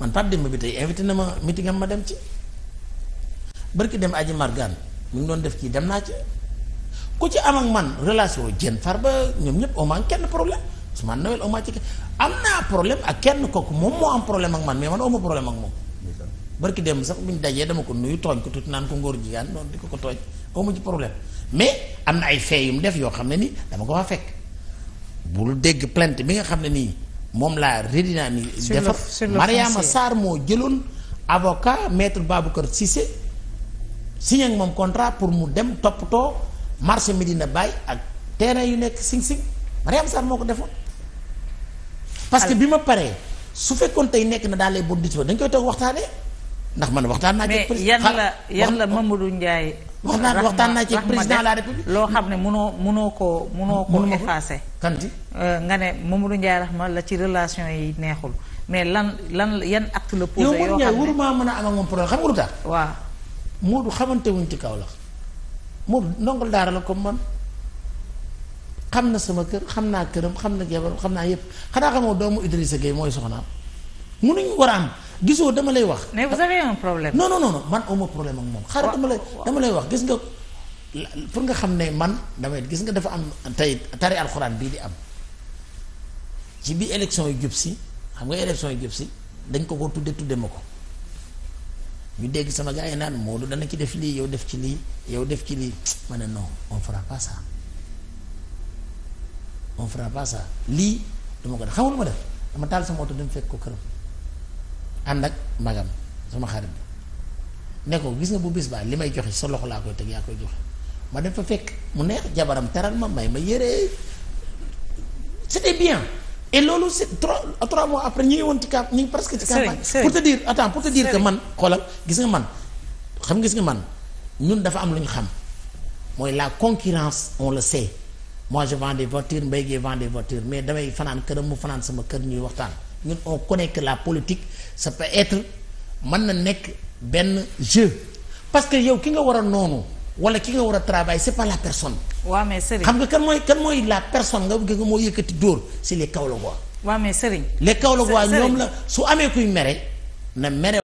man Pape Demba bi tey invité na ma meeting ma dem ci barki dem aji margan mu ngi doon def kii dem naa ci ku ci am ak man relation jën far ba ñoom ñëpp au moins kenn problème su ma nawel au moins ci am naa problème ak kenn kooku moom moo am problème ak man mais man amu problème ak moom barki dem sax bu ñu dajee dama ko nuyu tooñ ko tuuti naan ko ngóor jigaan noonu di ko ko tooñ amu ci problème mais am na ay fee yu mu def yoo xam ne nii dama ko fa fekk dégg plainte bi nga xam ne nii moom laa redynamiser. dafa Mariama saar moo jëloon avocat maître Babacar Cissé signé ak moom contrat pour mu dem toppatoo mi dina Baye ak terrain yu nekk Sing Sing Mariama Sarr moo ko defoon. parce que bi ma paree su fekkoon tey nekk na daal les bonnes dispositions dañ koy toog waxtaanee ndax man waxtaan naa. mais yan la yan la Mamadou Ndiaye. waxtaan waxtaan naa ci président de la république. loo xam ne mënoo mënoo koo mënoo koo effacé. kanti euh, nga ne Mamadou Ndiaye Rahma la ci relation yi neexul mais lan lan yan acte la posé. yoo xam ne yow Mamadou Ndiaye waruma mën a am moom problème xam nga lu tax. waaw Moodu xamante wuñ ci kaw la Moodu ndongol daara la comme man xam na sama kër xam naa këram xam na jabaram xam naa yépp xanaa xamoo doomu Idrissa Gueye mooy soxnaam mënuñ war a am. gisoo dama lay wax. mais vous avez un problème. non non non man awma problème ak moom. xaaral dama lay dama lay wax gis nga pour nga xam ne man damay gis nga dafa am tey tari alxuraan bii di am ci bi élection yu jub si xam nga élection yu jub si dañ ko ko tudde tudde ma ko ñu dégg sama gars yi naan Modou dana ci def lii yow def ci lii yow def ci lii ma ne non on fera pas ça on fera lii dama ko def xamul ma def dama taal sama oto dem fekk ko këram. ànd ak magam sama xarit bi ne gis nga bu bis baa li may joxe sa laa koy tëgg yaa koy joxe ma dem fa fekk mu neex jabaram teral ma may ma yére c'était bien et loolu c'est trois trois mois après ñu ngi woon ci camp ñu parce que ci campagne pour te dire attends pour te dire que man xoolal gis nga man xam nga gis nga man ñun dafa am lu ñu xam mooy la concurrence on le sait moi je vends des voitures Mbaye Gueye vend des voitures mais damay fanaan këram mu fanaan sama kër ñuy waxtaan ñun on connaît que la politique ça peut être mën na nekk benn jeu parce que yow ki nga war a noonu wala ki nga war a travail c'est pas la personne. mais Serigne xam nga kan mooy kan mooy la personne nga bëgg moo yëkkati dóor c'est les Kaolackois. waaw mais Serigne. les Kaolackois ñoom la su amee kuy mere na mere.